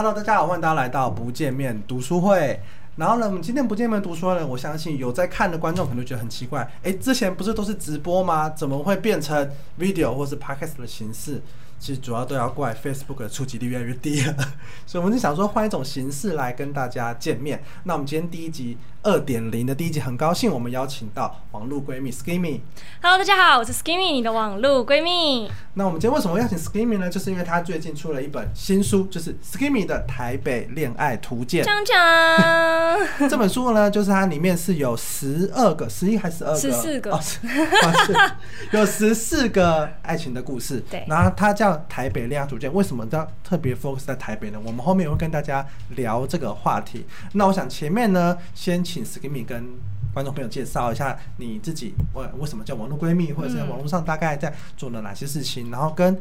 Hello，大家好，歡迎大家來到不見面讀書會。然後呢，我們今天不見面讀書會呢，我相信有在看的觀眾可能覺得很奇怪，哎，之前不是都是直播嗎？怎麼會變成 video 或是 podcast 的形式？其實主要都要怪 Facebook 的觸及率越來越低了，所以我們就想說換一種形式來跟大家見面。那我們今天第一集。二點零的第一集，很高興我們邀請到網絡閨蜜 SKimmy Hello，大家好，我是 SKimmy，你的網絡閨蜜。那我們今天為什麼邀請 SKimmy 呢？就是因為他最近出了一本新書，就是 SKimmy 的《台北戀愛圖鑑》將將。講講。這本書呢，就是它裡面是有十二個，十一還是十二？十四個。個 哦哦、有十四個愛情的故事。對。然後它叫《台北戀愛圖鑑》，為什麼要特別 focus 在台北呢？我們後面會跟大家聊這個話題。那我想前面呢，先。請 SKimmy 跟觀眾朋友介紹一下你自己，為為什麼叫網絡閨蜜或者在網絡上大概在做了哪些事情，然後跟。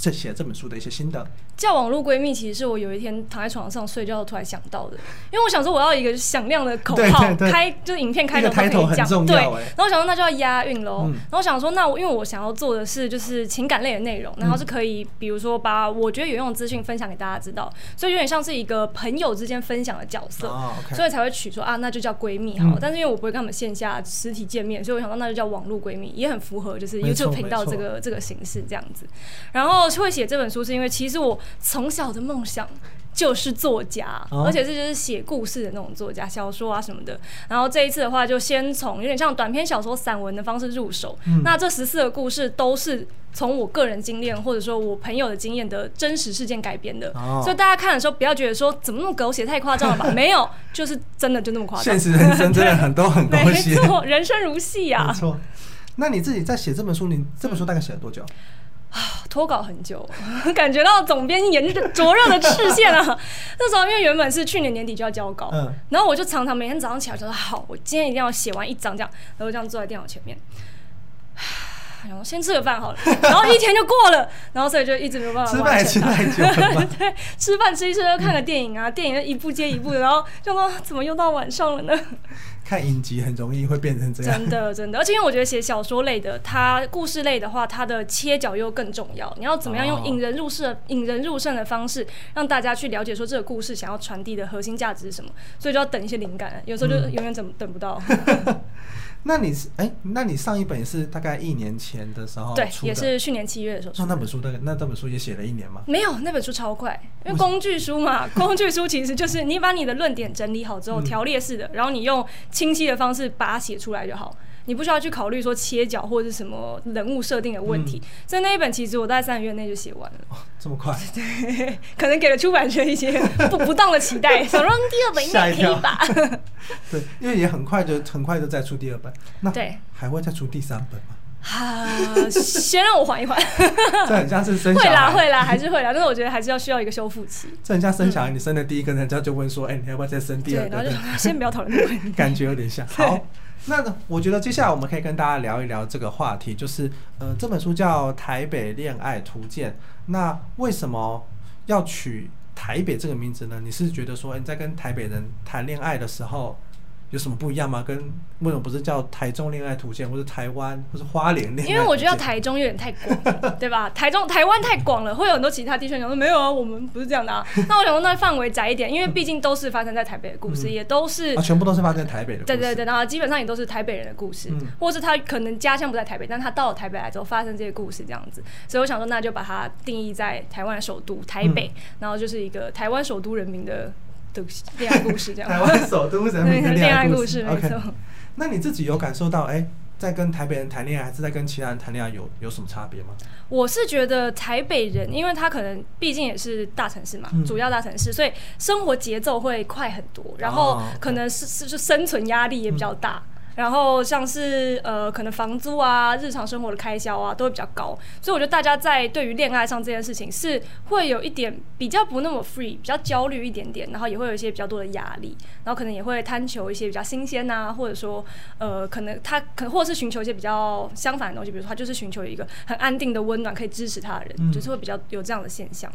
這寫這本書的一些心得，叫網路閨蜜，其實是我有一天躺在床上睡覺，突然想到的。因為我想說我要一個響亮的口號開，開就是影片開頭開頭很重要。對，然後想到那就要押韻嘍。然後想說那我、嗯、因為我想要做的是就是情感類的內容，然後是可以比如說把我覺得有用的資訊分享給大家知道，所以有點像是一個朋友之間分享的角色，哦 okay、所以才會取說啊，那就叫閨蜜哈。嗯、但是因為我不會跟他們線下實體見面，所以我想說那就叫網路閨蜜，也很符合就是 YouTube 頻道這個這個形式這樣子。然後。哦，會寫這本書是因為其實我從小的夢想就是作家，哦、而且這就是寫故事的那種作家，小說啊什麼的。然後這一次的話，就先從有點像短篇小說、散文的方式入手。嗯、那這十四個故事都是從我個人經驗或者說我朋友的經驗的真實事件改編的，哦、所以大家看的時候不要覺得說怎麼那麼狗血、太誇張了吧？沒有， 就是真的就那麼誇張。現實人生真的很都很狗血，人生如戲呀、啊。沒錯。那你自己在寫這本書，你這本書大概寫了多久？嗯啊，拖稿很久，感覺到總編眼這個灼熱的視線啊。那時候因為原本是去年年底就要交稿，嗯、然後我就常常每天早上起來就說，好，我今天一定要寫完一張這樣，然後這樣坐在電腦前面、啊，然後先吃個飯好了，然後一天就過了， 然後所以就一直沒有辦法來。吃飯吃太久 對，吃飯吃一吃，就看個電影啊，嗯、電影就一部接一部，然後就說怎麼又到晚上了呢？看影集很容易會變成這樣，真的真的。而且因為我覺得寫小說類的，它故事類的話，它的切角又更重要。你要怎麼樣用引人入勝、oh. 引人入勝的方式，讓大家去了解說這個故事想要傳遞的核心價值是什麼？所以就要等一些靈感，有時候就永遠怎麼等不到。 那你是哎、欸，那你上一本是大概一年前的時候出的，對，也是去年七月的時候出的。那、哦、那本書那個、那本書也寫了一年嗎？沒有，那本書超快，因為工具書嘛，我 工具書其實就是你把你的論點整理好之後，條列式的，嗯、然後你用清晰的方式把它寫出來就好。你不需要去考慮說切角或者是什麼人物設定的問題。所以那一本其實我在三個月內就寫完了。這麼快？對，可能給了出版社一些不不當的期待，想說第二本應該可以吧？對，因為也很快就很快就再出第二本。那對，還會再出第三本嗎？啊，先讓我緩一緩。這很像是生小孩。會啦會啦，還是會啦，但是我覺得還是要需要一個修復期。這很像生小孩，你生了第一個，人家就問說：“哎，你要不要再生第二個？”然後就說先不要討論。感覺有點像。好。那呢，我覺得接下來我們可以跟大家聊一聊這個話題，就是，呃，這本書叫《台北戀愛圖鑑》，那為什麼要取台北這個名字呢？你是覺得說，你在跟台北人談戀愛的時候？有什麼不一樣嗎？跟為什麼不是叫台中戀愛圖鑑，或者台灣，或是花蓮戀？因為我覺得台中有點太廣了， 對吧？台中、台灣太廣了，會有很多其他地區人說沒有啊，我們不是這樣的啊。 那我想說，那範圍窄一點，因為畢竟都是發生在台北的故事，嗯、也都是啊，全部都是發生在台北的故事，嗯。對對對，然後基本上也都是台北人的故事，嗯、或者他可能家鄉不在台北，但他到了台北來之後發生這些故事這樣子。所以我想說，那就把它定義在台灣的首都台北，嗯、然後就是一個台灣首都人民的。戀 對不起，戀愛故事，台灣首都人民的戀愛故事。OK，沒錯。那你自己有感受到，哎、欸，在跟台北人談戀愛，還是在跟其他人談戀愛有，有有什麼差別嗎？我是覺得台北人，因為他可能畢竟也是大城市嘛，嗯、主要大城市，所以生活節奏會快很多，然後可能是是是、哦 okay、生存壓力也比較大。嗯然後像是呃，可能房租啊、日常生活的開銷啊，都會比較高。所以我覺得大家在對於戀愛上這件事情，是會有一點比較不那麼 free，比較焦慮一點點，然後也會有一些比較多的壓力。然後可能也會貪求一些比較新鮮吶、啊，或者說呃，可能他可能或者是尋求一些比較相反的東西，比如說他就是尋求一個很安定的溫暖，可以支持他的人，嗯、就是會比較有這樣的現象。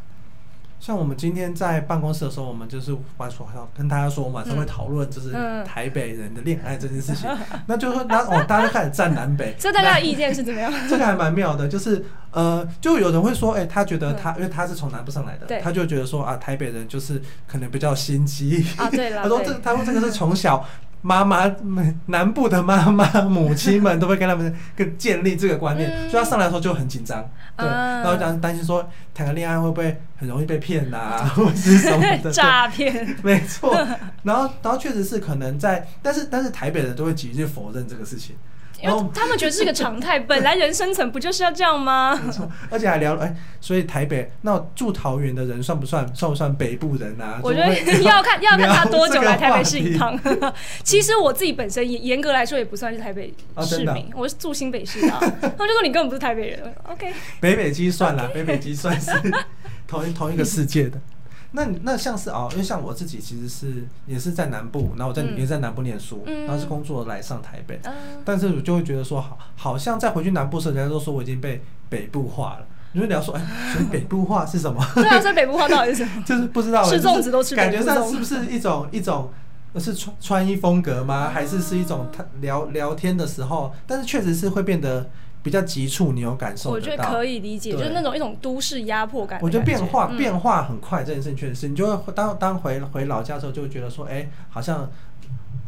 像我們今天在辦公室的時候，我們就是晚上要跟大家說，我們晚上會討論就是台北人的戀愛這件事情。嗯嗯、那就是說，那、啊、哦，大家都開始戰南北，這大家意見是怎麼樣？這個還蠻妙的，就是呃，就有人會說，哎、欸，他覺得他、嗯、因為他是從南部上來的，對他就覺得說啊，台北人就是可能比較心機。啊，對了，他說這，啦他說這個是從小。媽媽們，南部的媽媽、母親們都會跟他們建立這個觀念，嗯、所以他上來的時候就很緊張，對，嗯、然後就擔心說談個戀愛會不會很容易被騙呐、啊，嗯、或者是什麼的詐騙， 詐騙 沒錯。然後，然後確實是可能在， 但是但是台北人都會極力否認這個事情。哦，他們覺得是個常態，本來人生存不就是要這樣嗎？沒錯，而且還聊哎、欸，所以台北那住桃園的人算不算算不算北部人啊？我覺得要看要看他多久來台北市一趟。其實我自己本身嚴格來說也不算是台北市民，哦啊、我是住新北市的，啊， 他們就說你根本不是台北人。OK，北北基算了， 北北基算是同同一個世界的。那那像是哦，因為像我自己其實是也是在南部，然後我在、嗯、也在南部念書，嗯、然後是工作來上台北，嗯、但是我就會覺得說好，好像再回去南部的時候，人家都說我已經被北部化了。嗯、你聊說你要說哎，欸、北部化是什麼？啊 對啊，在北部化到底是 就是不知道。吃粽子，都吃。是感覺是不是一種一種，一種，是穿穿衣風格嗎？啊、還是是一種他聊聊天的時候，但是確實是會變得。比較急促，你有感受到？我覺得可以理解，對，就是那種一種都市壓迫感的感覺。我覺得變化、嗯、變化很快，這件事情確實是。你就會當當回回老家的時候，就會覺得說，哎、欸，好像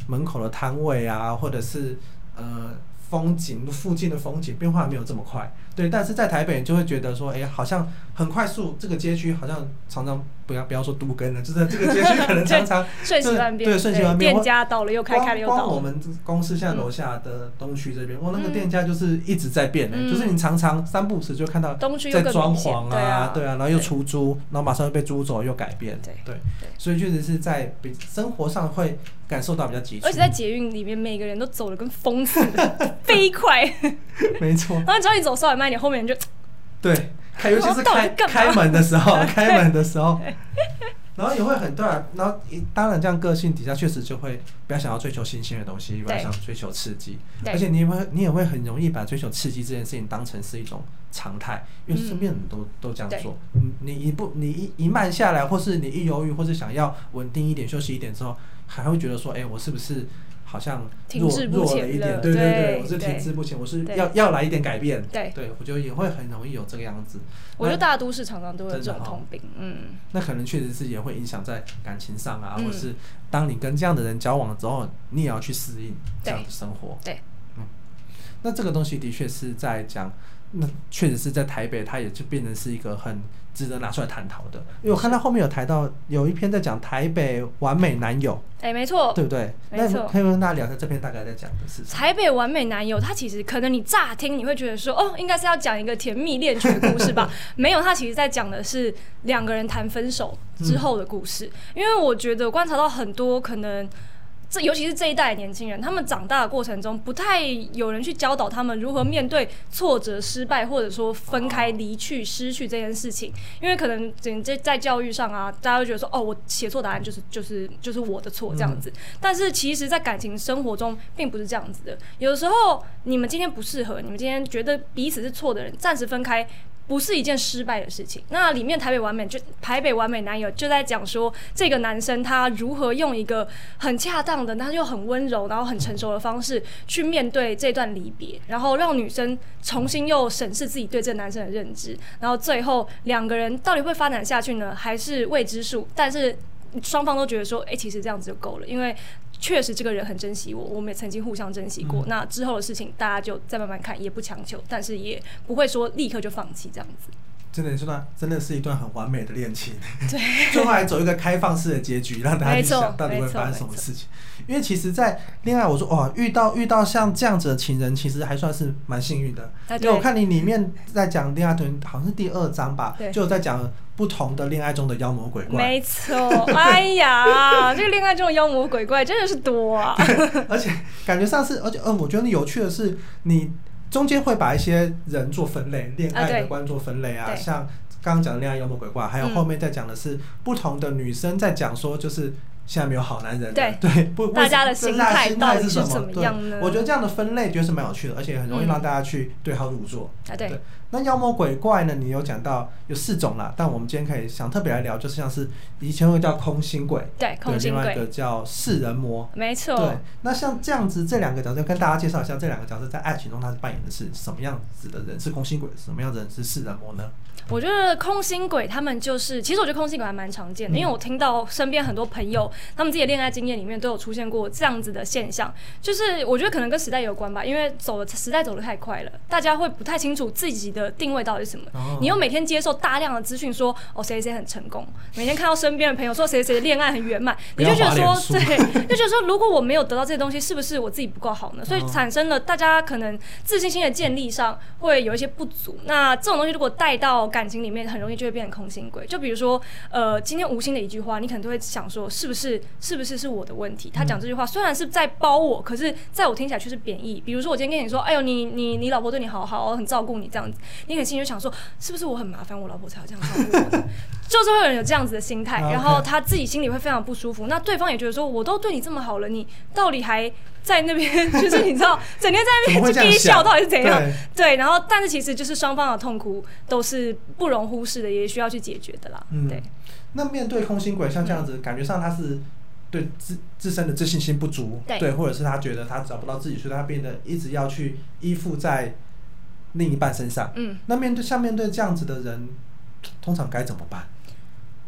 門口的攤位啊，或者是呃風景附近的風景變化沒有這麼快。對，但是在台北你就會覺得說，哎、欸，好像很快速，這個街區好像常常。不要不要說都更了，就在這個街區可能常常瞬息萬變，對，瞬息萬變，店家倒了又開，開了又倒了。我們公司現在樓下的東區這邊，我那個店家就是一直在變的，就是你常常三不五時就看到在裝潢啊，對啊，然後又出租，然後馬上又被租走又改變，對。所以確實是在比生活上會感受到比較急促。而且在捷運裡面，每個人都走得跟瘋似的，飛快。沒錯，但只要你走稍微慢一點，後面就對。開，尤其是開開門的時候，開門的時候，然後也會很突然，然後當然這樣個性底下確實就會比較想要追求新鮮的東西，比較想追求刺激，而且你也會你也會很容易把追求刺激這件事情當成是一種常態，因為身邊很多都這樣做，你你不你一一慢下來，或是你一猶豫，或是想要穩定一點、休息一點之後，還會覺得說，哎，我是不是？好像停滯不前了一點，對對對，我是停滯不前，我是要要來一點改變，對，我覺得也會很容易有這個樣子。我覺得大都市常常都會有這種通病，嗯。那可能確實是也會影響在感情上啊，或者是當你跟這樣的人交往之後，你也要去適應這樣的生活，對，嗯。那這個東西的確是在講。那確實是在台北，他也就變成是一個很值得拿出來探討的。因為我看到後面有提到有一篇在講台北完美男友，哎，沒錯，對不對，對？沒錯。那可以跟大家聊一下這篇大概在講的是什麼？台北完美男友，他其實可能你乍聽你會覺得說哦，應該是要講一個甜蜜戀曲的故事吧？沒有，他其實在講的是兩個人談分手之後的故事。因為我覺得我觀察到很多可能。這尤其是這一代的年輕人，他們長大的過程中，不太有人去教導他們如何面對挫折、失敗，或者說分開、離去、失去這件事情。哦、因為可能這在教育上啊，大家會覺得說，哦，我寫錯答案就是就是就是我的錯這樣子。嗯、但是其實，在感情生活中，並不是這樣子的。有時候，你們今天不適合，你們今天覺得彼此是錯的人，暫時分開。不是一件失敗的事情。那裡面台北完美就台北完美男友就在講說，這個男生他如何用一個很恰當的，那又很溫柔，然後很成熟的方式去面對這段離別，然後讓女生重新又審視自己對這個男生的認知，然後最後兩個人到底會發展下去呢？還是未知數？但是雙方都覺得說，哎、欸，其實這樣子就夠了，因為。確實，這個人很珍惜我，我們也曾經互相珍惜過。嗯。那之後的事情，大家就再慢慢看，也不強求，但是也不會說立刻就放棄這樣子。真的是一段真的是一段很完美的戀情，最對後還走一個開放式的結局，讓大家去想到底會發生什麼事情？因為其實，在戀愛，我說哦，遇到遇到像這樣子的情人，其實還算是蠻幸運的。啊、對因為我看你裡面在講戀愛，好像是第二章吧，對就在講不同的戀愛中的妖魔鬼怪。沒錯，哎呀， 這個戀愛中的妖魔鬼怪真的是多，啊。而且感覺上次，而且嗯，我覺得你有趣的是你。中間會把一些人做分類，戀愛的觀眾分類啊，啊對像剛剛講的戀愛妖魔鬼怪，嗯、還有後面在講的是不同的女生在講說，就是現在沒有好男人，嗯、對，不，大家的心態是什麼，對，我覺得這樣的分類，就是蠻有趣的，而且很容易讓大家去對號入座、嗯啊、對。對那妖魔鬼怪呢？你有講到有四種啦，但我們今天可以想特別來聊，就是像是以前會叫空心鬼，對，空心鬼，對，另外一個叫四人魔，沒錯，對。那像這樣子，這兩個角色跟大家介紹一下，這兩個角色在愛情中，他是扮演的是什麼樣子的人？是空心鬼，什麼樣的人是四人魔呢？我覺得空心鬼他們就是，其實我覺得空心鬼還蠻常見的，因為我聽到身邊很多朋友他們自己的戀愛經驗裡面都有出現過這樣子的現象，就是我覺得可能跟時代有關吧，因為走的時代走得太快了，大家會不太清楚自己。的定位到底是什麼？Uh huh. 你又每天接受大量的資訊，說哦誰誰很成功，每天看到身邊的朋友說誰誰的戀愛很圓滿， 你就覺得說對，就覺得說如果我沒有得到這些東西， 是不是我自己不夠好呢？所以產生了大家可能自信心的建立上會有一些不足。Uh huh. 那這種東西如果帶到感情裡面，很容易就會變成空心鬼。就比如說，呃，今天無心的一句話，你可能都會想說，是不是是不是是我的問題？Uh huh. 他講這句話雖然是在褒我，可是在我聽起來卻是貶義。比如說我今天跟你說，哎呦，你你你老婆對你好好，很照顧你這樣子。你很心裡就想說，是不是我很麻煩，我老婆才有這樣照顧我？ 就是會有人有這樣子的心態， 然後他自己心裡會非常不舒服。Okay. 那對方也覺得說，我都對你這麼好了，你到底還在那邊，就是你知道， 整天在那邊就憋笑，到底是怎樣？對，對，然後但是其實就是雙方的痛苦都是不容忽視的，也需要去解決的啦。對。嗯、那面對空心鬼，像這樣子，嗯、感覺上他是對自自身的自信心不足，對，對，或者是他覺得他找不到自己，所以他變得一直要去依附在另一半身上，那面對像面對這樣子的人，嗯，通常該怎麼辦？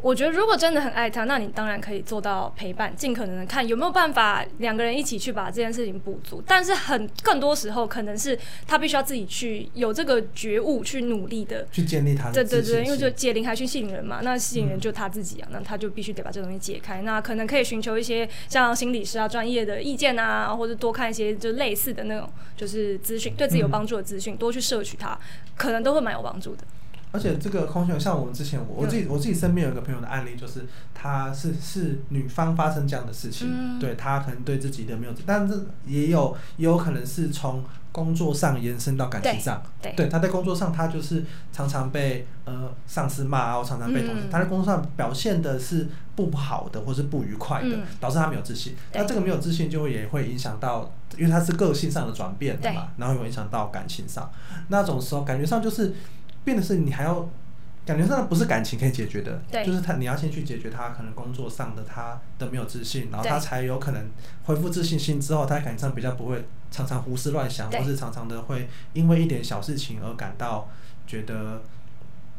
我覺得，如果真的很愛他，那你當然可以做到陪伴，盡可能的看有沒有辦法兩個人一起去把這件事情補足。但是很，很更多時候可能是他必須要自己去有這個覺悟去努力的去建立他的對對對，因為就解鈴還須繫鈴人嘛，那繫鈴人就他自己啊，嗯、那他就必須得把這東西解開。那可能可以尋求一些像心理師啊專業的意見啊，或者多看一些就類似的那種就是資訊，對自己有幫助的資訊，嗯、多去攝取它，可能都會蠻有幫助的。而且這個空氣像我們之前我我自己我自己身邊有一個朋友的案例，就是他是是女方發生這樣的事情，對，他可能對自己的沒有自信，但是也有也有可能是從工作上延伸到感情上。對，他在工作上他就是常常被呃上司罵，然後常常被同事，他在工作上表現的是不好的或是不愉快的，導致他沒有自信。那這個沒有自信就也會影響到，因為他是個性上的轉變的嘛，然後又影響到感情上。那種時候感覺上就是。變的是，你還要感覺上不是感情可以解決的，對就是他你要先去解決他可能工作上的他的沒有自信，然後他才有可能恢復自信心之後，對他感覺上比較不會常常胡思亂想，對或是常常的會因為一點小事情而感到覺得。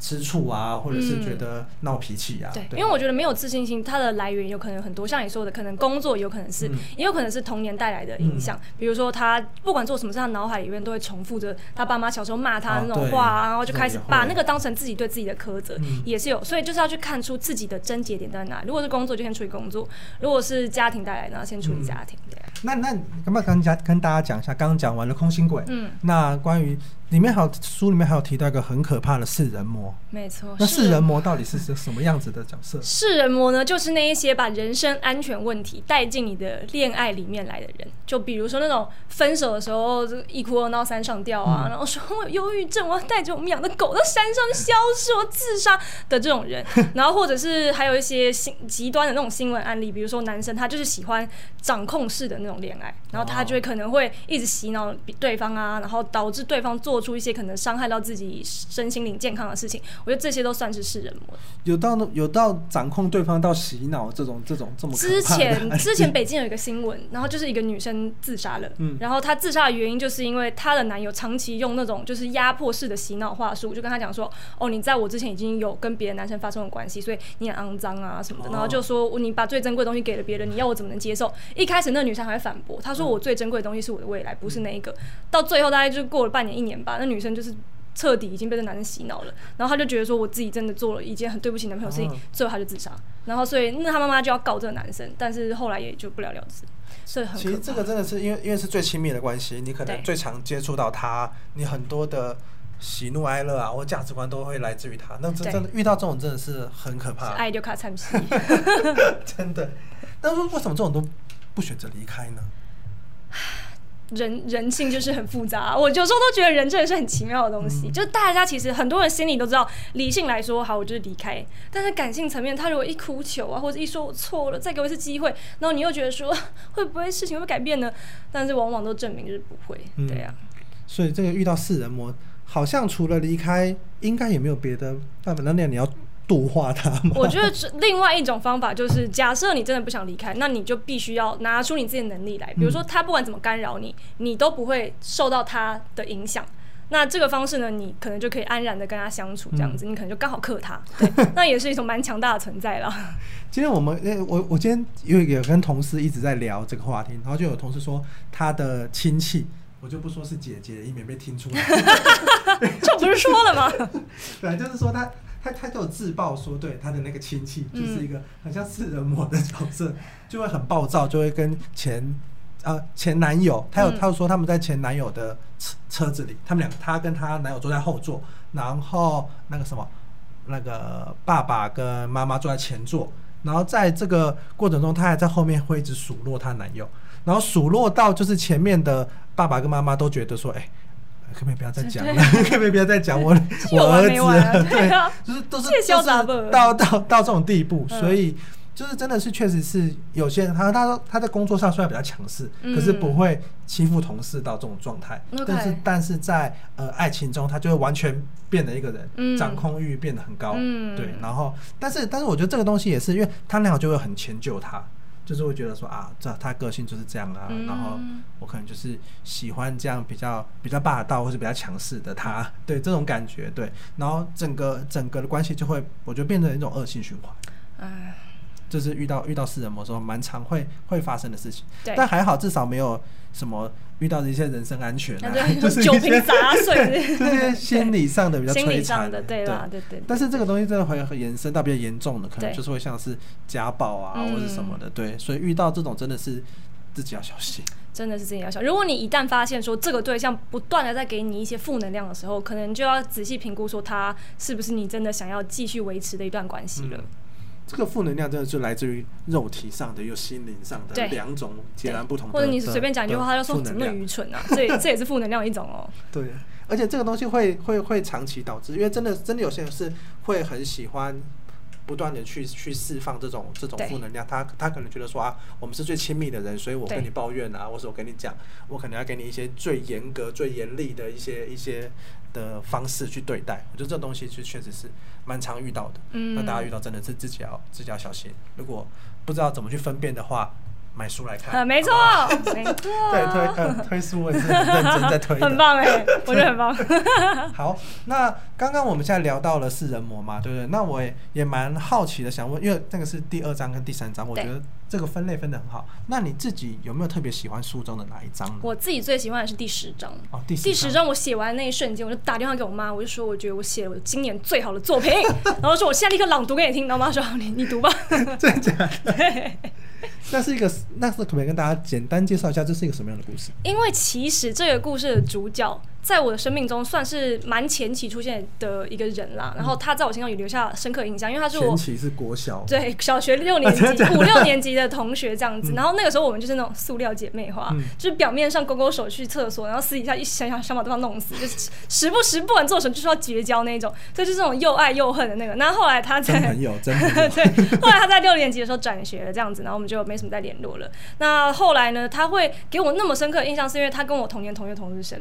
吃醋啊，或者是覺得鬧脾氣啊、嗯。對，對，因為我覺得沒有自信心，它的來源有可能很多。像你說的，可能工作也有可能是，嗯、也有可能是童年帶來的影響。嗯、比如說，他不管做什麼事，他腦海裡面都會重複着他爸媽小時候罵他那種話啊，哦、然後就開始把那個當成自己對自己的苛責，也，會也是有。所以，就是要去看出自己的症結點在哪裡。嗯、如果是工作，就先處理工作；如果是家庭帶來，那先處理家庭。那、嗯啊、那，那麼跟家跟大家講一下，剛剛講完了空心鬼。嗯，那關於。裡面還有書裡面還有提到一個很可怕的四人魔，沒錯錯。那四人魔到底是什麼樣子的角色？四人魔呢，就是那一些把人身安全問題帶進你的戀愛裡面來的人，就比如說那種分手的時候一哭二鬧三上吊啊，嗯、然後說，我有憂鬱症，我要帶着我們養的狗到山上消失， 我自殺的這種人，然後或者是還有一些新極端的那種新聞案例，比如說男生他就是喜歡掌控式的那種戀愛，然後他就會可能會一直洗腦對方啊，然後導致對方做。做出一些可能傷害到自己身心靈健康的事情，我覺得這些都算是是人。有到有到掌控對方，到洗腦這種這種這麼。之前之前北京有一個新聞，然後就是一個女生自殺了，嗯、然後她自殺的原因就是因為她的男友長期用那種就是壓迫式的洗腦話術，就跟她講說：“哦，你在我之前已經有跟別的男生發生了關係，所以你很骯髒啊什麼的。”然後就說：“你把最珍貴的東西給了別人，你要我怎麼能接受？”一開始那個女生還會反駁，她說：“我最珍貴的東西是我的未來，嗯、不是那一個。”到最後大概就過了半年一年吧。那女生就是徹底已經被這男生洗腦了，然後她就覺得說我自己真的做了一件很對不起男朋友事情，嗯、最後她就自殺。然後所以那她媽媽就要告這個男生，但是後來也就不了了之。所以很其實這個真的是因為因為是最親密的關係，你可能最常接觸到他，對你很多的喜怒哀樂啊，或價值觀都會來自於他。那真正遇到這種真的是很可怕，愛就卡在不。真的，但是為什麼這種都不選擇離開呢？人人性就是很複雜啊，我有時候都覺得人真的是很奇妙的東西。嗯，就大家其實很多人心裡都知道，理性來說，好，我就是離開。但是感性層面，他如果一哭求啊，或者一說我錯了，再給我一次機會，然後你又覺得說會不會事情會會改變呢？但是往往都證明就是不會，對呀、啊嗯。所以這個遇到四人魔，好像除了離開，應該也沒有別的辦法。那你要。度化他嗎？我覺得是另外一種方法，就是假設你真的不想離開，那你就必須要拿出你自己的能力來。比如說，他不管怎麼干擾你，你都不會受到他的影響。那這個方式呢，你可能就可以安然的跟他相處，這樣子，嗯、你可能就剛好克他對。那也是一種蠻強大的存在了。 今天我們誒、欸，我我今天有一個跟同事一直在聊這個話題，然後就有同事說他的親戚，我就不說是姐姐，以免被聽出來。這 不是說了嗎？本來 就是說他。他他就自曝說，對他的那個親戚就是一個很像是人魔的角色，嗯、就會很暴躁，就會跟前呃前男友，他有他說他們在前男友的車車子裡，他們兩個他跟他男友坐在後座，然後那個什麼那個爸爸跟媽媽坐在前座，然後在這個過程中，他還在後面會一直數落他男友，然後數落到就是前面的爸爸跟媽媽都覺得說，哎、欸。可不可以不要再講了？對可不可以不要再講？我對我兒子有完沒完啊？對啊對。就是都是到到到這種地步，嗯、所以就是真的是確實是有些人他，他他說他在工作上雖然比較強勢，嗯、可是不會欺負同事到這種狀態。嗯、但是但是在呃愛情中，他就會完全變了一個人，嗯、掌控欲變得很高。嗯、對，然後但是但是我覺得這個東西也是，因為他男友就會很遷就他。就是會覺得說啊，這他個性就是這樣啊，嗯、然後我可能就是喜歡這樣比較比較霸道，或者比較強勢的他，對這種感覺，對，然後整個整個的關係就會，我覺得變成一種惡性循環。哎。呃就是遇到遇到世人魔時候，蠻常會會發生的事情。但還好，至少沒有什麼遇到的一些人身安全，啊，對 就是一些酒瓶砸碎，這 些心理上的比較摧殘的，對啦，對對。但是這個東西真的會延伸到比較嚴重的，可能就是會像是家暴啊對 或者什麼的，對。所以遇到這種真的是自己要小心。真的是自己要小心。如果你一旦發現說這個對象不斷的在給你一些負能量的時候，可能就要仔細評估說他是不是你真的想要繼續維持的一段關係了。嗯這個負能量真的是來自於肉體上的又心靈上的兩種截然不同的，或者你隨便講一句話，他就說怎麼那麼愚蠢呢、啊？這 這也是負能量一種哦。對，而且這個東西會會會長期導致，因為真的真的有些人是會很喜歡。不斷的去去釋放這種這種負能量，對他他可能覺得說啊，我們是最親密的人，所以我跟你抱怨啊，或者對我跟你講，我可能要給你一些最嚴格、最嚴厲的一些一些的方式去對待。我覺得這東西是確實是蠻常遇到的。嗯，那大家遇到真的是自己要自己要小心，如果不知道怎麼去分辨的話。買書來看，沒錯，沒錯，對，推推書也是認真在推，很棒哎，我覺得很棒。好，那剛剛我們現在聊到了四人魔嘛，對不對？那我也也蠻好奇的，想問，因為那個是第二章跟第三章，我覺得這個分類分得很好。那你自己有沒有特別喜歡書中的哪一章？我自己最喜歡的是第十章哦，第十章。我寫完那一瞬間，我就打電話給我媽，我就說我覺得我寫了我今年最好的作品，然後說我現在立刻朗讀給你聽。然後媽說你你讀吧，真假？那是一個，那是可不可以跟大家簡單介紹一下，這是一個什麼樣的故事？因為其實這個故事的主角。在我的生命中算是蠻前期出現的一個人啦，嗯、然後他在我身上也留下深刻印象，因為他是我前期是國小對小學六年級、啊、五六年級的同學這樣子，嗯、然後那個時候我們就是那種塑料姐妹花，嗯、就是表面上勾勾手去廁所，然後私底下一想想想，想把對方弄死，就是時不時不管做什麼就說要絕交那種， 就是那種又愛又恨的那個。然後後來他在 對，後來他在六年級的時候轉學了這樣子，然後我們就沒什麼再聯絡了。那後來呢，他會給我那麼深刻的印象，是因為他跟我同年同月同日生。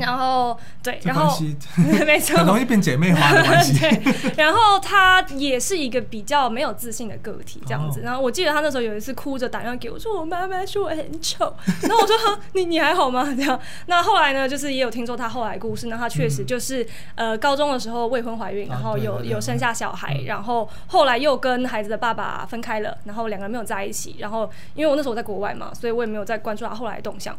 然後對，然後沒錯，很容易變姐妹花的關係。然後她也是一個比較沒有自信的個體、哦、這樣子。然後我記得她那時候有一次哭着打電話給我說：“我媽媽說我很醜。”然後我說：“ 啊、你你還好嗎？”這樣。那後來呢？就是也有聽說她後來的故事。那她確實就是、嗯、呃，高中的時候未婚懷孕，然後有、啊、對對對有生下小孩，然後後來又跟孩子的爸爸分開了，然後兩個人沒有在一起。然後因為我那時候我在國外嘛，所以我也沒有再關注她後來的動向。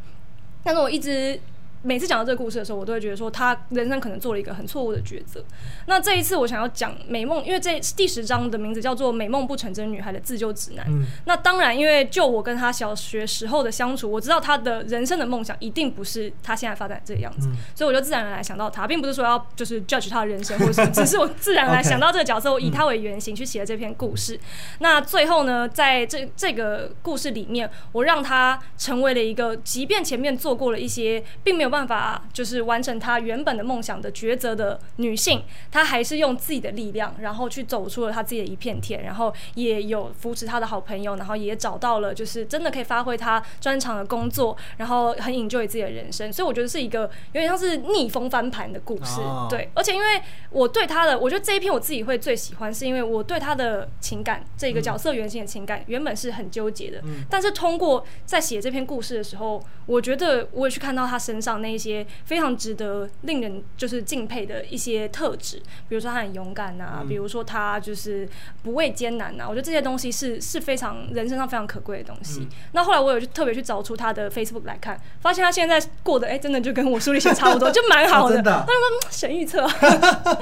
但是我一直。每次講到這個故事的時候，我都會覺得說他人生可能做了一個很錯誤的抉擇。那這一次我想要講美夢，因為這第十章的名字叫做《美夢不成真女孩的自救指南》嗯。那當然，因為就我跟他小學時候的相處，我知道他的人生的夢想一定不是他現在發展的這個樣子，嗯、所以我就自然而然想到他，並不是說要就是 judge 他的人生或，或是 只是我自然而然想到這個角色，我以他為原型去寫了這篇故事。嗯、那最後呢，在這這個故事裡面，我讓他成為了一個，即便前面做過了一些，並沒有。沒辦法就是完成他原本的夢想的抉擇的女性，她還是用自己的力量，然後去走出了她自己的一片天，然後也有扶持她的好朋友，然後也找到了就是真的可以發揮她專長的工作，然後很 enjoy 自己的人生，所以我覺得是一個有點像是逆風翻盤的故事，對。而且因為我對她的，我覺得這一篇我自己會最喜歡，是因為我對她的情感，這個角色原型的情感原本是很糾結的，但是通過在寫這篇故事的時候，我覺得我也去看到她身上。那一些非常值得令人就是敬佩的一些特質，比如說他很勇敢吶、啊，嗯、比如說他就是不畏艱難吶、啊，我覺得這些東西是是非常人身上非常可貴的東西。嗯、那後來我有去特別去找出他的 Facebook 來看，發現他現在過得哎、欸、真的就跟我書裡寫差不多， 就蠻好的。啊、真的、啊？ 神預測、啊！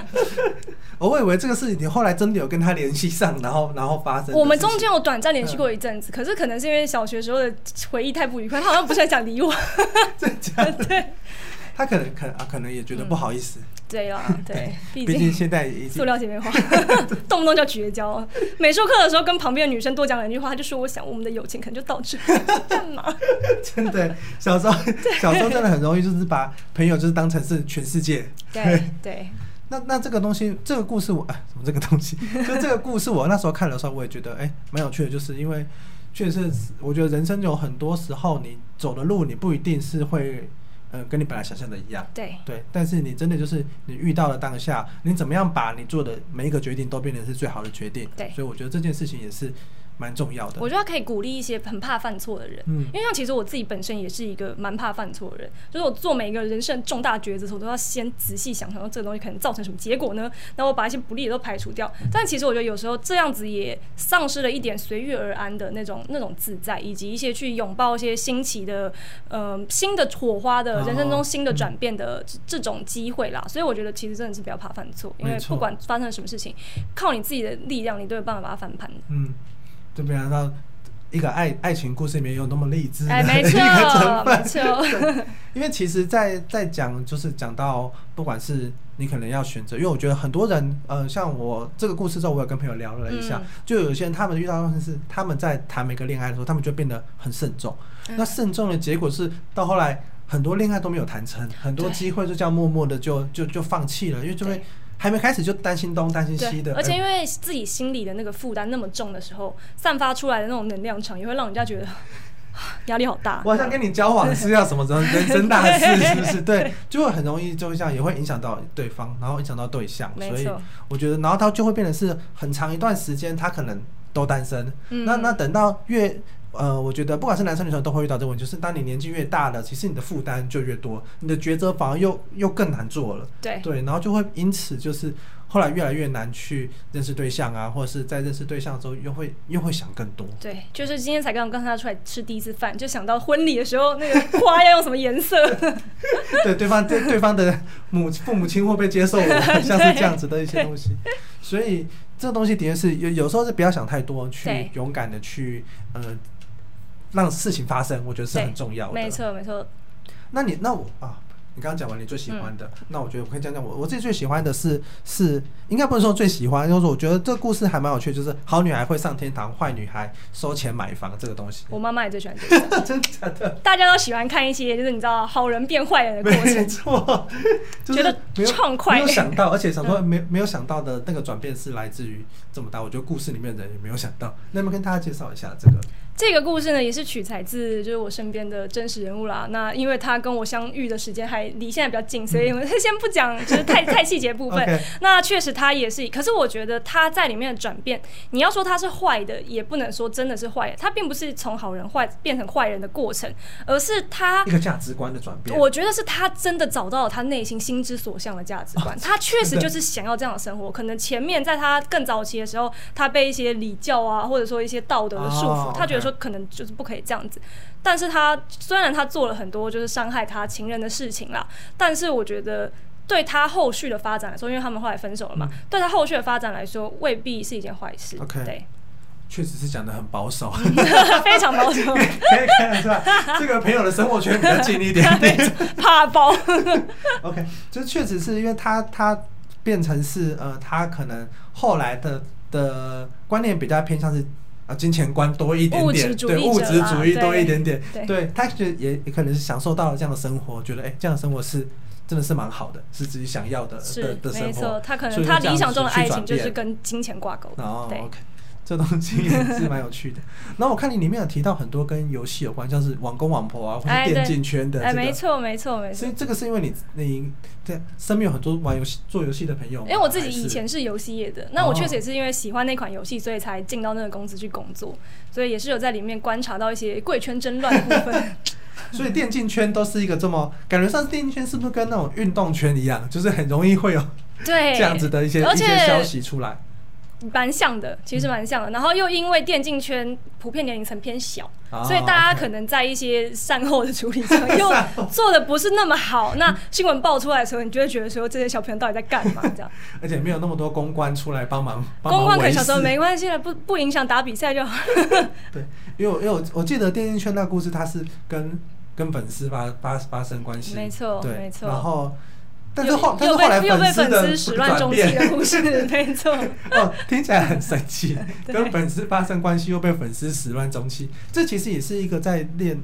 我 我以為這個事情，你後來真的有跟他聯繫上，然後然後發生。我們中間有短暫聯繫過一陣子，嗯、可是可能是因為小學時候的回憶太不愉快，他好像不是很想理我。真的？ 對。他可能可能啊，可能也覺得不好意思。嗯、對啊，對，畢竟，畢竟現在已經塑料姐妹花， 動不動就絕交。美術 課的時候跟旁邊的女生多講兩句話，他就說：“我想我們的友情可能就到這，幹嘛？”真的， 小時候對小時候真的很容易，就是把朋友就是當成是全世界。對對，對 那那這個東西，這個故事我哎、啊，什麼這個東西？就這個故事，我那時候看的時候，我也覺得哎蠻有趣的，就是因為確實，我覺得人生有很多時候，你走的路，你不一定是會。嗯、呃，跟你本來想象的一樣。對對，但是你真的就是你遇到了當下，你怎麼樣把你做的每一個決定都變成是最好的決定？對，所以我覺得這件事情也是。蠻重要的，我覺得可以鼓勵一些很怕犯錯的人，嗯，因為像其實我自己本身也是一個蠻怕犯錯的人，就是我做每一個人生重大的抉擇的時候，我都要先仔細想想，這個東西可能造成什麼結果呢？那我把一些不利的都排除掉。嗯、但其實我覺得有時候這樣子也喪失了一點隨遇而安的那種、那種自在，以及一些去擁抱一些新奇的、嗯、呃，新的火花的後人生中新的轉變的、嗯、這種機會啦。所以我覺得其實真的是不要怕犯錯，錯，因為不管發生了什麼事情，靠你自己的力量，你都有辦法把它翻盤。嗯。就沒想到一個愛愛情故事裡面有那麼勵志的一個成分、哎， 因為其實在，在在講就是講到，不管是你可能要選擇，因為我覺得很多人，呃，像我這個故事之後，我有跟朋友聊了一下，嗯、就有些人他們遇到問題是，他們在談每個戀愛的時候，他們就變得很慎重，嗯、那慎重的結果是到後來很多戀愛都沒有談成，很多機會就這樣默默的就就就放棄了，因為就會。還沒開始就擔心東擔心西的，而且因為自己心裡的那個負擔那麼重的時候，嗯、散發出來的那種能量場也會讓人家覺得壓力好大。我好像跟你交往是要什麼什麼人生大事，是不是？對，對 就會很容易，就會這樣，也會影響到對方，然後影響到對象。沒錯 所以我覺得，然後他就會變得是很長一段時間，他可能都單身。嗯、那那等到月。呃，我覺得不管是男生女生都會遇到這個問題，就是當你年紀越大了，其實你的負擔就越多，你的抉擇反而又又更難做了。對對，然後就會因此就是後來越來越難去認識對象啊，或者是在認識對象的時候又會又會想更多。對，就是今天才剛剛跟他出來吃第一次飯，就想到婚禮的時候那個花要用什麼顏色。 對，對方對對方的母父母親會不會接受我， 像是這樣子的一些東西。對 所以這個東西的確是，有有時候是不要想太多，去勇敢的去對呃。讓事情發生，我覺得是很重要的。沒錯，沒錯。沒那你，那我啊，你剛剛講完你最喜歡的，嗯、那我覺得我可以講講我我自己最喜歡的是，是應該不能說最喜歡，就是我覺得這個故事還蠻有趣，就是好女孩會上天堂，壞女孩收錢買房這個東西。我媽媽也最喜歡，真的假的？ 大家都喜歡看一些，就是你知道好人變壞人的故事。沒錯，就是、沒有覺得暢快。沒有想到，而且想說沒沒有想到的那個轉變是來自於這麼大，嗯、我覺得故事裡面的人也沒有想到。那麼跟大家介紹一下這個。這個故事呢，也是取材自就是我身邊的真實人物啦。那因為他跟我相遇的時間還離現在比較近，所以我們先不講，就是太 太細節部分。Okay. 那確實他也是，可是我覺得他在裡面的轉變，你要說他是壞的，也不能說真的是壞的。他並不是從好人壞變成壞人的過程，而是他一個價值觀的轉變。我覺得是他真的找到了他內心心之所向的價值觀。Oh, 他確實就是想要這樣的生活。的可能前面在他更早期的時候，他被一些禮教啊，或者說一些道德的束縛，他覺得。可能就是不可以這樣子，但是他雖然他做了很多就是傷害他情人的事情啦，但是我覺得對他後續的發展來說，因為他們後來分手了嘛，嗯、對他後續的發展來說，未必是一件壞事。OK，對，確實是講得很保守， 非常保守， 可以看得出來，這個朋友的生活圈比較近一點，對怕包。 OK，就確實是因為他他變成是呃，他可能後來的的觀念比較偏向是。啊，金錢觀多一點點，物對物質主義多一點點，對，對，對，他覺得也也可能是享受到了這樣的生活，覺得哎、欸，這樣的生活是真的是蠻好的，是自己想要的是的的生活。沒錯，他可能他理想中的愛情就是跟金錢掛鈎的。哦。這東西也是蠻有趣的。那我看你裡面有提到很多跟遊戲有關，像是網公網婆啊，或者電競圈的，哎，沒錯，沒錯，沒錯。所以這個是因為你你對身邊有很多玩遊戲、做遊戲的朋友。因為我自己以前是遊戲業的，那我確實也是因為喜歡那款遊戲，所以才進到那個公司去工作。所以也是有在裡面觀察到一些貴圈真亂的部分。 所以電競圈都是一個這麼感覺上，電競圈是不是跟那種運動圈一樣，就是很容易會有對這樣子的一些一些消息出來？蠻像的，其實蠻像的。嗯、然後又因為電競圈普遍年齡層偏小，哦、所以大家可能在一些善後的處理上又善後做的不是那麼好。善後那新聞爆出來的時候，你就會覺得說這些小朋友到底在幹嘛這樣呵呵？而且沒有那麼多公關出來幫忙。幫忙公關可以想說沒關係的，不不影響打比賽就好。呵呵 對，因為我因為我記得電競圈那個故事，它是跟跟粉絲發發發生關係。沒錯，沒錯。然後。但是後，被但是後來粉絲的始亂終棄，哦，聽起來很神奇， 對 跟粉絲發生關係又被粉絲始亂終棄，這其實也是一個在戀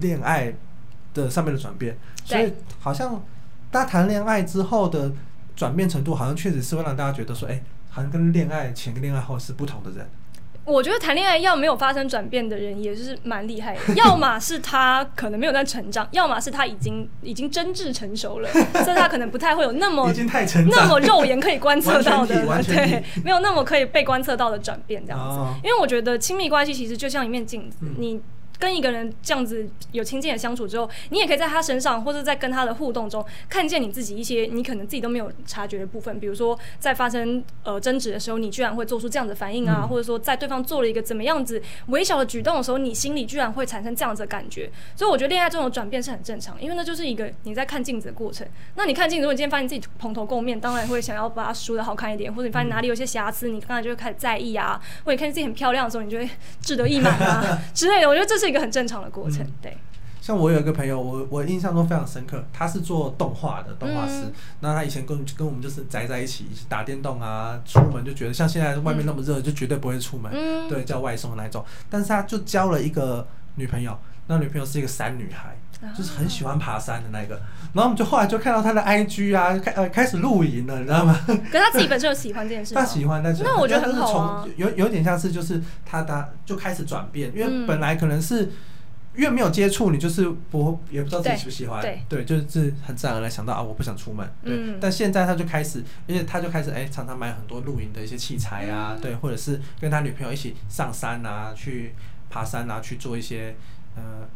戀愛的上面的轉變。所以，好像大家談戀愛之後的轉變程度，好像確實是會讓大家覺得說，哎、欸，好像跟戀愛前、跟戀愛後是不同的人。我覺得談戀愛要沒有發生轉變的人也是蠻厲害的， 要麼是他可能沒有在成長， 要麼是他已經已經真摯成熟了， 所以他可能不太會有那麼已經太成熟了那麼肉眼可以觀測到的， 對，沒有那麼可以被觀測到的轉變這樣子。 因為我覺得親密關係其實就像一面鏡子，嗯、你。跟一個人這樣子有親近的相處之後，你也可以在他身上，或者在跟他的互動中，看見你自己一些你可能自己都沒有察覺的部分。比如說，在發生呃爭執的時候，你居然會做出這樣子的反應啊，或者說在對方做了一個怎麼樣子微小的舉動的時候，你心裡居然會產生這樣子的感覺。所以我覺得戀愛這種轉變是很正常，因為那就是一個你在看鏡子的過程。那你看鏡子，如果你今天發現自己蓬頭垢面，當然會想要把它梳的好看一點，或者你發現哪裡有些瑕疵，你剛才就會開始在意啊。或者看見自己很漂亮的時候，你就會志得意滿啊 之類的。我覺得這是。是一個很正常的過程，對、嗯。像我有一個朋友，我我印象中非常深刻，他是做動畫的，動畫師。那、嗯、他以前跟跟我們就是宅在一起，打電動啊，出門就覺得像現在外面那麼熱，嗯、就絕對不會出門。嗯、對，叫外送那種。但是他就交了一個女朋友。那女朋友是一個山女孩，oh. 就是很喜歡爬山的那個。然後我們就後來就看到他的 IG 啊，開呃開始露營了，嗯、你知道嗎？可他自己本身有喜歡這件事，他喜歡但、就是那我覺得很好、啊、她是有有點像是就是他他就開始轉變，嗯、因為本來可能是越沒有接觸，你就是不也不知道自己喜不喜歡，對,對,對，就是很自然而然想到啊，我不想出門。對，嗯、但現在他就開始，因為他就開始哎、欸、常常買很多露營的一些器材啊，嗯、對，或者是跟他女朋友一起上山啊去爬山啊去做一些。呃，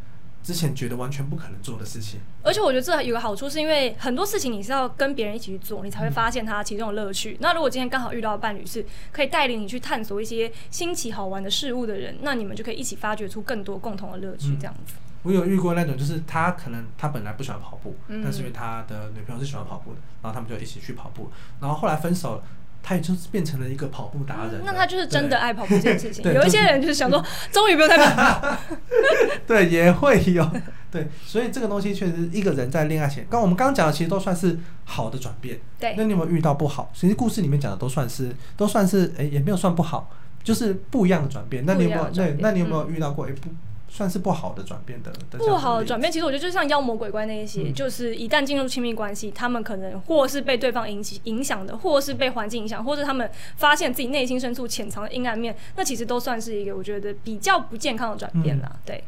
之前覺得完全不可能做的事情，而且我覺得這有個好處，是因為很多事情你是要跟別人一起去做，你才會發現他其中的樂趣。嗯、那如果今天剛好遇到的伴侶是可以帶領你去探索一些新奇好玩的事物的人，那你們就可以一起發掘出更多共同的樂趣。這樣子，嗯，我有遇過那種，就是他可能他本來不喜歡跑步，嗯、但是因為他的女朋友是喜歡跑步的，然後他們就一起去跑步，然後後來分手了他也就是變成了一個跑步達人、嗯。那他就是真的愛跑步這件事情。有一些人就是想說， 終於不用再跑步。 對，也會有。對，所以這個東西確實一個人在戀愛前，剛我們剛剛講的其實都算是好的轉變。對。那你有沒有遇到不好？其實故事裡面講的都算是，都算是，哎、欸，也沒有算不好，就是不一樣的轉變。那你有沒有？對，那你有沒有遇到過？哎、嗯欸、不。算是不好的轉變的不好的轉變，其實我覺得就像妖魔鬼怪那一些，嗯、就是一旦進入親密關係，他們可能或是被對方引起影響的，或是被環境影響，或是他們發現自己內心深處潛藏的陰暗面，那其實都算是一個我覺得比較不健康的轉變啦。嗯、對。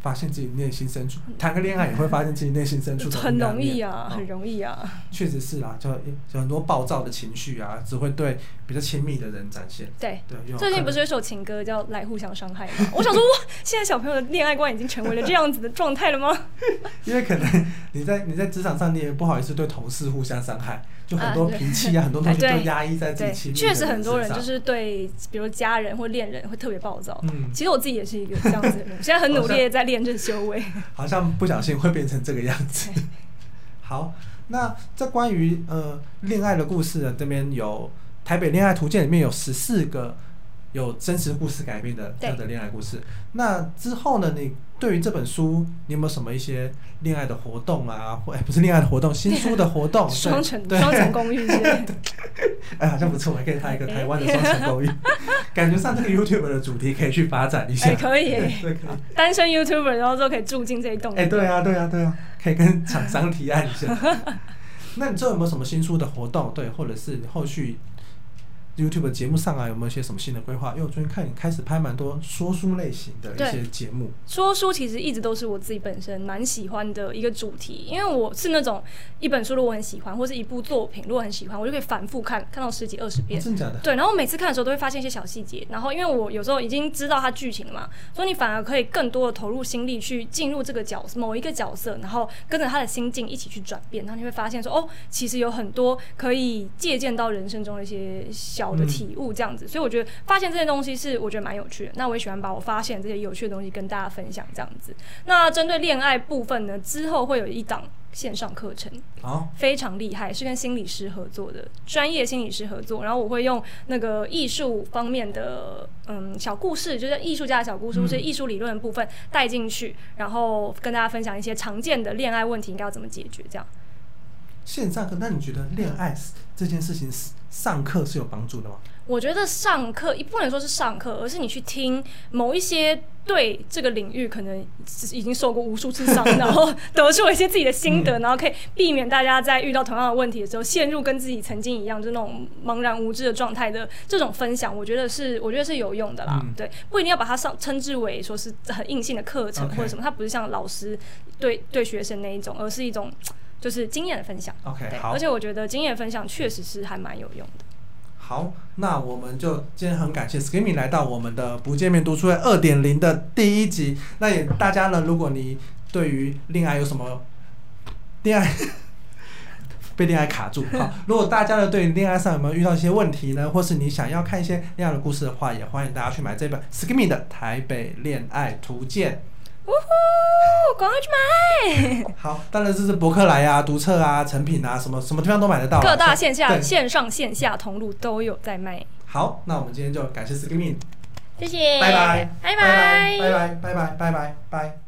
發現自己內心深處，談個戀愛也會發現自己內心深處。很容易啊，很容易啊。確實是啊，就，就很多暴躁的情緒啊，只會對比較親密的人展現。對，最近不是有一首情歌叫《來互相傷害》嗎？ 我想說，哇，現在小朋友的戀愛觀已經成為了這樣子的狀態了嗎？ 因為可能你在你在職場上，你也不好意思對同事互相傷害。就很多脾氣啊，啊很多東西都壓抑在自己裡面確實，很多人就是對，比如家人或戀人會特別暴躁。嗯，其實我自己也是一個這樣子的人，呵呵我現在很努力像在練這修為。好像不小心會變成這個樣子。對好，那在關於呃戀愛的故事呢，這邊有《台北戀愛圖鑑》裡面有十四個。有真實故事改編的這樣的戀愛故事，對那之後呢？你對於這本書你有沒有什麼一些戀愛的活動啊？或不是戀愛的活動，新書的活動，雙層雙層公寓是是，哎， 好像不錯，可以開一個台灣的雙層公寓，欸、感覺上這個 YouTube 的主題可以去發展一下，欸、可以，對，可以，單身 YouTuber，然後就可以住進這一棟，哎、欸，對啊，對啊，對啊，可以跟廠商提案一下。 那你之後有沒有什麼新書的活動？對，或者是你後續？YouTube 節目上啊，有沒有一些什麼新的規劃？因為我最近看你開始拍蠻多說書類型的一些節目。說書其實一直都是我自己本身蠻喜歡的一個主題，因為我是那種一本書如果我很喜歡，或是一部作品如果很喜歡，我就可以反覆看，看到十幾二十遍。啊，真的假的？對，然後每次看的時候都會發現一些小細節。然後因為我有時候已經知道它劇情了嘛，所以你反而可以更多的投入心力去進入這個角色，某一個角色，然後跟着他的心境一起去轉變，然後你會發現說哦，其實有很多可以借鑑到人生中的一些小。我的體悟這樣子，所以我覺得發現這些東西是我覺得蠻有趣的。那我也喜歡把我發現這些有趣的東西跟大家分享這樣子。那針對戀愛部分呢，之後會有一檔線上課程，非常厲害，是跟心理師合作的，專業心理師合作。然後我會用那個藝術方面的嗯小故事，就是藝術家的小故事或是藝術理論的部分帶進去，然後跟大家分享一些常見的戀愛問題，應該要怎麼解決這樣。線上課，那你覺得戀愛這件事情上上課是有幫助的嗎？我覺得上課，也不能說是上課，而是你去聽某一些對這個領域可能已經受過無數次傷， 然後得出一些自己的心得，嗯、然後可以避免大家在遇到同樣的問題的時候陷入跟自己曾經一樣就那種茫然無知的狀態的這種分享，我覺得是我覺得是有用的啦。嗯、對，不一定要把它上稱之為說是很硬性的課程 Okay. 或者什麼，它不是像老師對對學生那一種，而是一種。就是經驗的分享。OK，對好。而且我覺得經驗分享確實是還蠻有用的。好，那我們就今天很感謝 SKimmy 來到我們的不見面讀書會二點零的第一集。那也大家呢，如果你對於戀愛有什麼戀愛 被戀愛卡住，好、啊，如果大家呢對戀愛上有沒有遇到一些問題呢， 或是你想要看一些戀愛的故事的話，也歡迎大家去買這本 SKimmy 的《台北戀愛圖鑑》。嗚呼，趕快去買！好，當然這是博客來啊、讀冊啊、成品啊，什麼什麼地方都買得到、啊。各大線下、線上、線下通路都有在賣。好，那我們今天就感謝 SKimmy，謝謝，拜拜，拜拜，拜拜，拜拜，拜拜，拜。